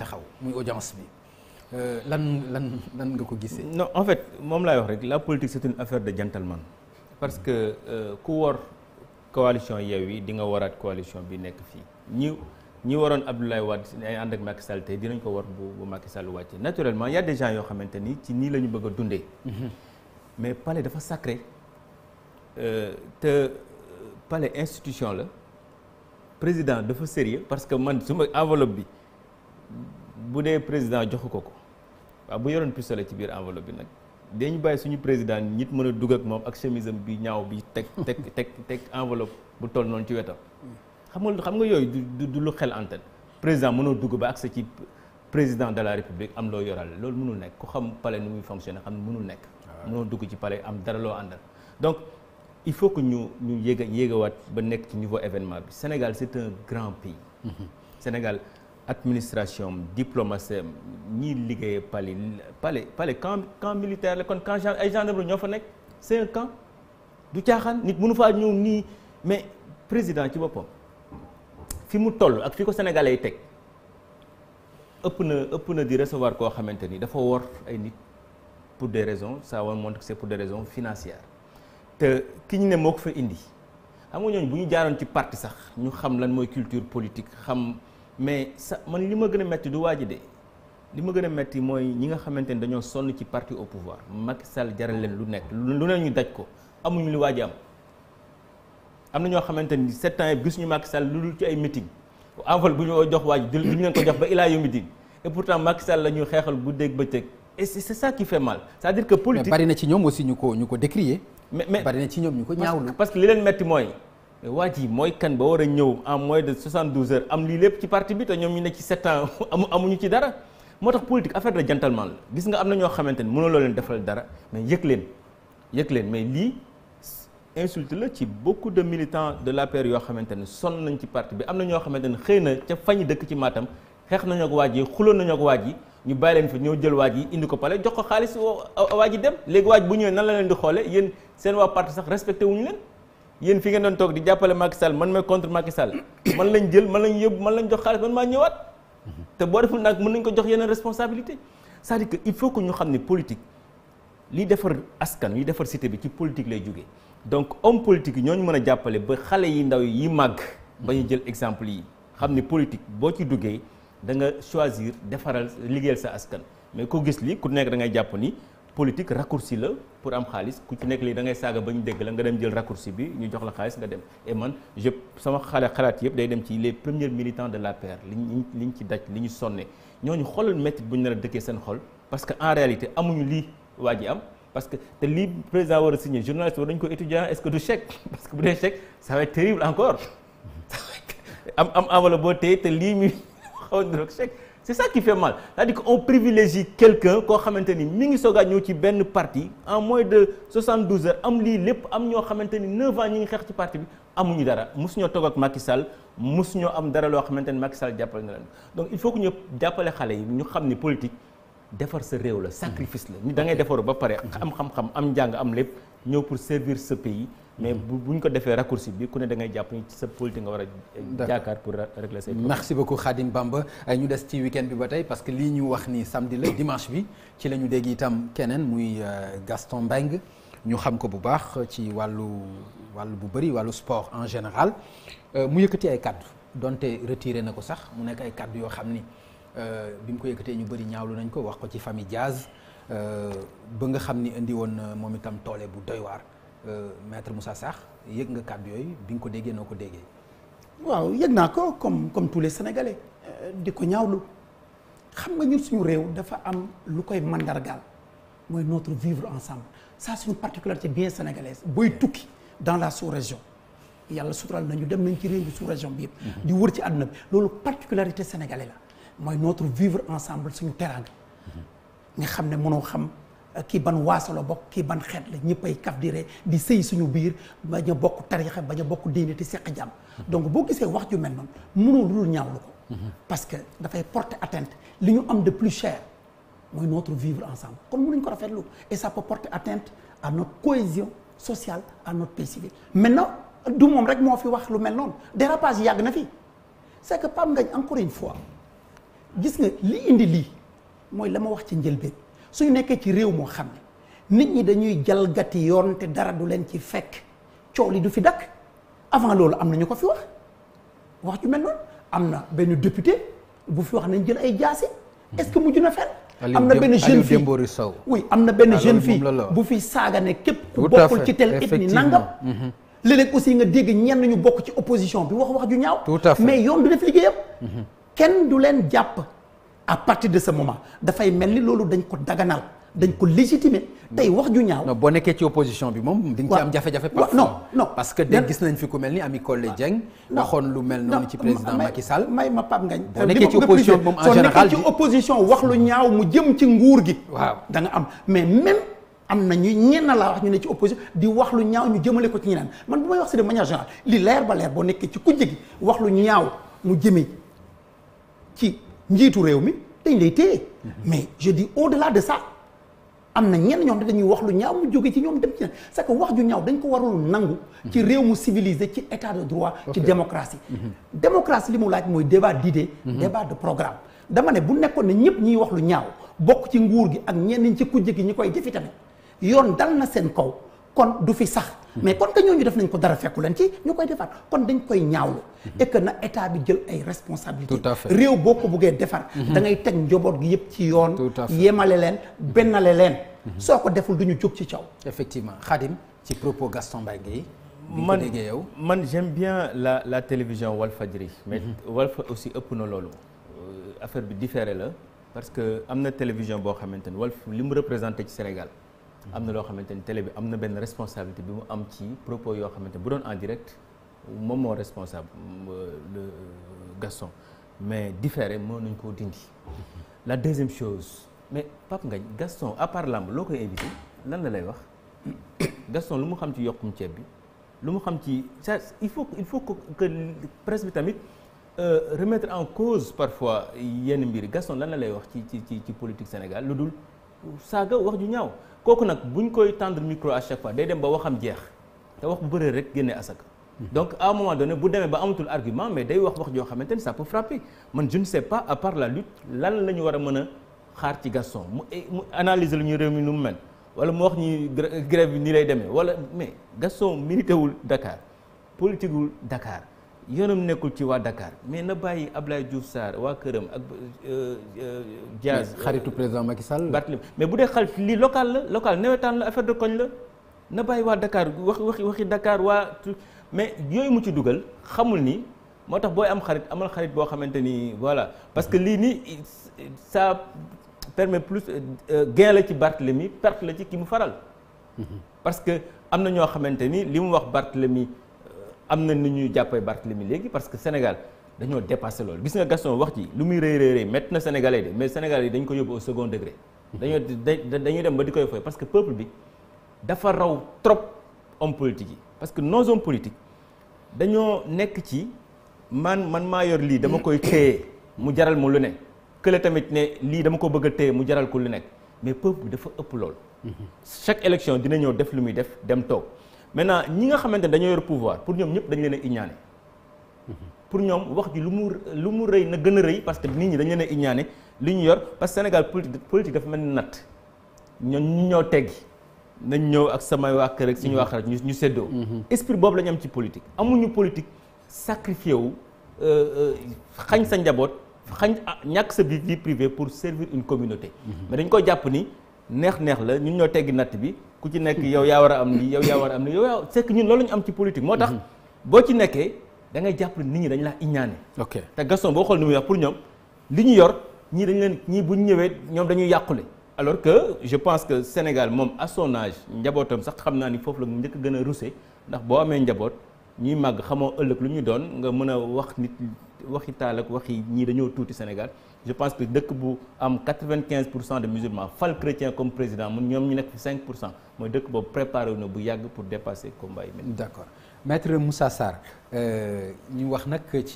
taxaw muy audience bi euh, lan lan lan nga ko gisee. non en fait moom laay wax rek la politique c'est une affaire de gentleman parce que euh, ku war coalition Yewwi di nga waraat coalition bi nekk fii ñi ñi waroon Abdoulaye Wade ay ànd ak Macky Sall tey dinañ ko war bu bu Macky Sall wàccee naturellement y a des gens yoo xamante ni ci nii la ñu bëgg a dundee. Mhm. mais palais dafa sacré euh, te palais institution la président dafa sérieux parce que man su ma enveloppe bi. bu dee président joxu ko ko waaw bu yoroon pistolet ci biir enveloppe bi nag dañu bàyyi suñu président nit mën a dugg ak moom ak chemise bi ñaaw bi teg teg teg teg enveloppe bu toll noonu ci wetam. xam nga xam nga yooyu du du lu xel antenne président mënoo dugg ba accès ci président de la république am loo yoral loolu mënul nekk ku xam pale nu muy fonctionner xam mënul nekk. Ah. mënoo dugg ci palais am dara loo àndal donc. il faut que ñu ñu yéeg a yéegawaat ba nekk ci niveau événement bi Sénégal c'est un grand mm-hmm. Sénégal administration am diplomatie am ñiy liggéeyee Palais Palais Palais camp camp militaire la kon quand ay gendarmerie ñoo fa nekk c'est un du caaxaan nit mënu faa ñëw nii mais président ci boppam fi mu toll ak fi ko sénégalais yi teg ëpp na ëpp na di recevoir koo xamante ni dafa war ay nit pour des raisons ça va montrer que c'est pour des raisons financières te ki ñu ne moo ko fa indi xam nga ñooñu bu ñu jaaroon ci parti sax ñu xam lan mooy culture politique xam. mais sa man li ma gën a metti du waa de li ma gën a metti mooy ñi nga xamante ni dañoo sonn ci parti au pouvoir Macky Sall jaral leen lu nekk lu ne ñu daj ko amuñu li waa am. am na ñoo xamante ni sept ans yëpp gisuñu Macky lu dul ci ay meeting enveloppe bu jox waa ji du ñu leen ko jox ba ilaa yomi din et pourtant Macky Sall la ñuy xeexal guddeeg bëccëg et c' est ça qui fait mal c' est à dire que politique. mais ci ñoom aussi ñu ko ñu ko décrier. mais mais bari ci ñoom parce que leen metti mooy. waa ji mooy kan ba war a ñëw en moins de 72 heures am lii lépp ci parti bi te ñoom ñu nekk ci 7 ans amu ñu ci dara moo tax politique affaire de gentleman la gis nga am na ñoo xamante ni mënuloo leen defal dara mais yëg leen yëg leen mais lii insulte la ci beaucoup de militants de la l'APR yoo xamante ne sonn nañ ci parti bi am na ñoo xamante ne xëy na ca fañ dëkk ci Matam xeex nañu ko waaj yi xuloon nañoo ko waaj yi ñu bàyyi leen fi ñëw jël waaj yi indi ko pale jox ko xaalis waaj yi dem léegi waaj bu la leen di xoole yéen seen waa parti sax respecté wuñu leen yéen fi ngeen doon toog di jàppale Macky Sall man mooy contre Macky Sall man lañ jël man lañ yóbbu man lañ jox xaalis man maa ñëwaat te boo deful nag mun nañ ko jox yeneen responsabilité cest à que il faut que ñu xam ni politique li defar askan li defar cité bi ci politique lay jógee donc homme politique ñoo ñu mën a jàppale ba xale yi ndaw yi màgg ba ñu jël exemple yi xam ni politique boo ci duggee da nga choisir defaral liggéeyal sa askan mais ko gis li ku nekk da ngay jàpp ni politique raccourci la pour am xaalis ku ci nekk lii da ngay saaga ba dégg la nga dem jël raccourci bi ñu jox la xaalis nga dem et man je sama xale xalaat yëpp day dem ci les première militants de la l'APR liñ liñ ci daj li ñu sonne ñooñu xoolal métti bu ñu nar a dëkkee seen xol parce que en réalité amuñu lii waa ji am parce que te lii président war a signé journaliste war dañ ko étudiant est-ce que du chèque parce que bu dee chèque ça va am am enveloppe boo téye te lii mi xaw a chèque c'est ça qui fait mal c'est-à-dire qu'on privilégie quelqu'un koo xamante ni mi ngi soog a ñëw ci benn parti en moins de 72 heures am lii lépp am ñoo xamante ni 9 ans ñi ngi xeex ci parti bi amuñu dara mosuñoo toog ak Macky Sall mosuñoo am dara loo xamante ni Macky Sall jàppale na leen donc il faut que ñu jàppale xale yi ñu xam ni politique defar sa réew la sacrifice la ni dangay ngay defaru ba pare am xam-xam am njàng am lépp ñëw pour servir ce pays mais bu bu ñu ko defee raccourci bi ku ne da ngay jàpp ni sa politique nga war a jaakaar pour régler say merci beaucoup Khadim Bamba ñu des ci week-end bi ba tey parce que lii ñu wax ni samedi la dimanche bi ci la ñu dégg itam keneen muy euh, Gaston Mbengue ñu xam ko bu baax ci wàllu wàllu bu bëri wàllu sport en général euh, mu yëkkati ay kàddu donte retiré na ko sax mu nekk ay kàddu yoo xam ni euh, bi mu ko yëkkatee ñu bëri ñaawlu nañ ko wax ko ci famille Diaz ba nga xam ni indi woon moom itam toole bu doy waar Euh, maître Moussa Sakh yëg nga kàddu yooyu bi nga ko déggee noo ko déggee. waaw yëg naa ko comme comme tous euh, di ko ñaaw lu xam nga ñu suñu réew dafa am lu koy mandargaal mooy notre vivre ensemble ça c'est une particularité bien sénégalaise booy tukki dans la sous-région yàlla sutural nañu dem nañ ci réew bi sous-région bi yëpp. Mhm. di wër ci adduna bi loolu particularité sénégalais la mooy notre vivre ensemble suñu teraanga. Mhm. nga xam ne mënoo xam. kii ban waaso la bokk kii ban xeet la ñëppay kaf di ree di sëy suñu biir bañ a bokk tarixa bañ a bokk diine ti seq jàmm donc boo gisee wax ju mel noonu mënoo lu dul ñaawlu ko mhm. parce que dafay porter attente li ñu am de plus cher mooy notre vivre ensemble kon mënuñ ko rafetlu et sa peut porter atteinte à notre cohésion sociale à notre pays civil na du moom rek moo fi wax lu mel noonu dérapage yàgg na fi c'est que pam Ngagne encore une fois gis nga li indi lii mooy la ma wax ci njëlbeen suñu nekkee ci réew moo xam ne nit ñi dañuy jalgati yoon te dara du leen ci fekk coow li du fi dakk avant loolu am na ñu ko fi wax wax ju mel noonu am na benn député bu fi nañ jël ay jaasi est-ce que mujj na fenn am na benn jeune fille oui am na benn ah, jeune fille bu fi saaga ne képp ku bokkul ci tel ethnie nangam mm-hmm. léeg-léeg aussi nga dégg ñenn ñu bokk ci opposition bi wax wax ju ñaaw mais yoon du def liggéeyam mm-hmm. kenn du leen jàpp à partir de ce moment dafay mel ni loolu dañ ko daganal dañ ko légitimer tey wax ju ñaaw. non boo nekkee ci opposition bi moom. di nga ci am jafe-jafe. waaw non non parce que de gis nañ fi ku mel ni Ami Collé Dieng. waxoon lu mel noonu ci président Macky Sall. may ma Pape Ngagne. boo euh, nekkee ci opposition wax lu ñaaw mu jëm ci nguur gi. waaw da am mais même. am na ñu ñenn laa wax ñu ne ci opposition di wax lu ñaaw ñu jëmale ko ci ñeneen man bu may wax si de manière générale li leer ba leer boo nekkee ci kujje gi wax lu ñaaw mu jëmee njiitu réew mi dañ lay téye mais jeu dis au la de ça am na ñenn ñoo xam ne wax lu ñaaw mu jóge ci ñoom dem ci c'est que wax ju ñaaw dañ ko warul nangu ci réew mu civilisé ci état de droit ci démocratie mhm. démocratie li mu laaj mooy débat d'idée mhm. débat de programme dama ne bu nekkoon ne ñëpp ñiy wax lu ñaaw bokk ci nguur gi ak ñenn ñi ci kujje gi ñi koy jëfi tamit yoon dal na seen kaw kon du fi sax mais kon que ñu def nañ ko dara fekku leen ci ñu koy defaat kon dañ koy ñaawlu mhm. et na état bi jël ay responsabilités réew boo ko buggee defar mhm. da ngay teg njoboot gi yëpp ci yoon yemale leen mhm. bennale leen soo ko deful du ñu jóg ci caw effectivement Khadim ci propos Gaston Mbaye Guèye man yow man j'aime bien la la télévision Walfadjri mais Walf aussi ëpp na loolu euh, affaire bi différé la parce que am na télévision boo xamante ne wall li mu représenté ci Sénégal am na loo xamante ni télé bi am na benn responsabilité bi mu am ci propos yoo xamante ni bu doon en direct moom moo responsable euh, Gaston mais différé moo nañ koo dindi la deuxième chose mais Pape Ngagne Gaston à part lamb loo koy invité lan la lay wax Gaston lu mu xam ci yokkum ceeb bi lu mu xam ci ça il faut il faut que presse bi tamit euh, remettre en cause parfois yenn mbir Gaston lan la lay wax ci ci ci ci politique Sénégal lu dul saaga wax ju ñaaw kooku nag buñ koy tendre micro à chaque fois day dem ba waxam jeex te wax bu bëree rek génne asaka mhm. donc à un moment donné bu demee ba amatul argument mais day wax wax joo xamante ni ça peut frapper man je ne sais pas à part la lutte lan la ñu war a mën a xaar ci Gaston mu e mu analyser lu ñu réew mi nu mu mel wala mu wax ñi grève bi nii lay demee wala mais Gaston milité wul Dakar politique wul Dakar. yoonam nekkul ci waa dakaar mais na bàyyi Ablaye Diouf Sarr waa këram ak euh, euh, Diaz. xaritu président Macky Sall. Bartlim mais bu dee xal lii local la local nawetaan la affaire de koñ la na bàyyi waa Dakar wax waxi waxi dakaar waa mais yooyu mu ci dugal xamul ni moo tax booy am xarit amal xarit boo xamante ni voilà parce que lii nii ça permet plus euh, gain la ci Bartlémy perte la ci ki mu faral. Mhm. parce que am na ñoo xamante ni li mu wax Bartlémy. am na nu ñuy jàppee Barthélemy léegi parce que Sénégal dañoo dépassé loolu gis nga Gaston wax ji lu muy rëy rëy rëy métti na Sénégalais de mais Sénégalais yi dañ ko yóbbu au second degré. dañoo dañuy dem ba di koy fooy parce que peuple bi dafa raw trop homme politique yi parce que nos hommes politique dañoo nekk ci man man maa yor lii dama koy téye mu jaral mu lu ne kële tamit ne lii dama ko bëgg a téye mu jaral ko lu nekk mais peuple bi dafa ëpp loolu. Mm-hmm. chaque élection dina ñëw def lu muy def dem toog. mais maintenant ñi nga xamante ne dañoo yor pouvoir pour ñoom ñëpp dañ leen a iñaane pour ñoom wax ji lu mu lu mu rëy na gën a rëy parce que nit ñi dañ leen a iñaane li ñu yor parce que Sénégal politique dafa mel ni natt ñoo ñu ñoo teggi nañ ñëw ak samay waa kër ak suñu wax xarit ñu seddoo mhm. esprit boobu la ñu am ci politique amuñu politique sacrifié wu euh, euh, xañ sa njaboot xañ ah, ñàkk sa vie privée pour servir une communauté mhm. mais dañ ko jàpp ni neex-neex la ñun ñoo teggi natt bi ku ci nekk yow yaa war a am li yow yaa war a am ni yow yaa c'est ñun loolu ñu am ci politique moo tax mhm. boo ci nekkee dangay ngay jàpp nit ñi dañ laa iñaane ok te Gaston boo xool ni muy wax pour ñoom li ñu yor ñii dañ leen ñii bu ñu ñëwee ñoom dañuy yàqule alors que je pense que Sénégal moom assonage njabootam sax xam naa ni foofu la njëkk gën a rusé ndax boo amee njaboot ñuy màgg xamoo ëllëg lu ñu doon nga mën a wax nit waxi taal ak waxi ñii dañoo tuuti Sénégal je pense que dëkk bu am quatre-vingt-quinze pour cent de musulmans fal chrétien comme président mun ñoom ñu nekk fi cinq pour cent mooy dëkk boobu préparé wu na bu yàgg pour dépasser combat yi. d' accord maître Moussa euh, ñu wax nag ci.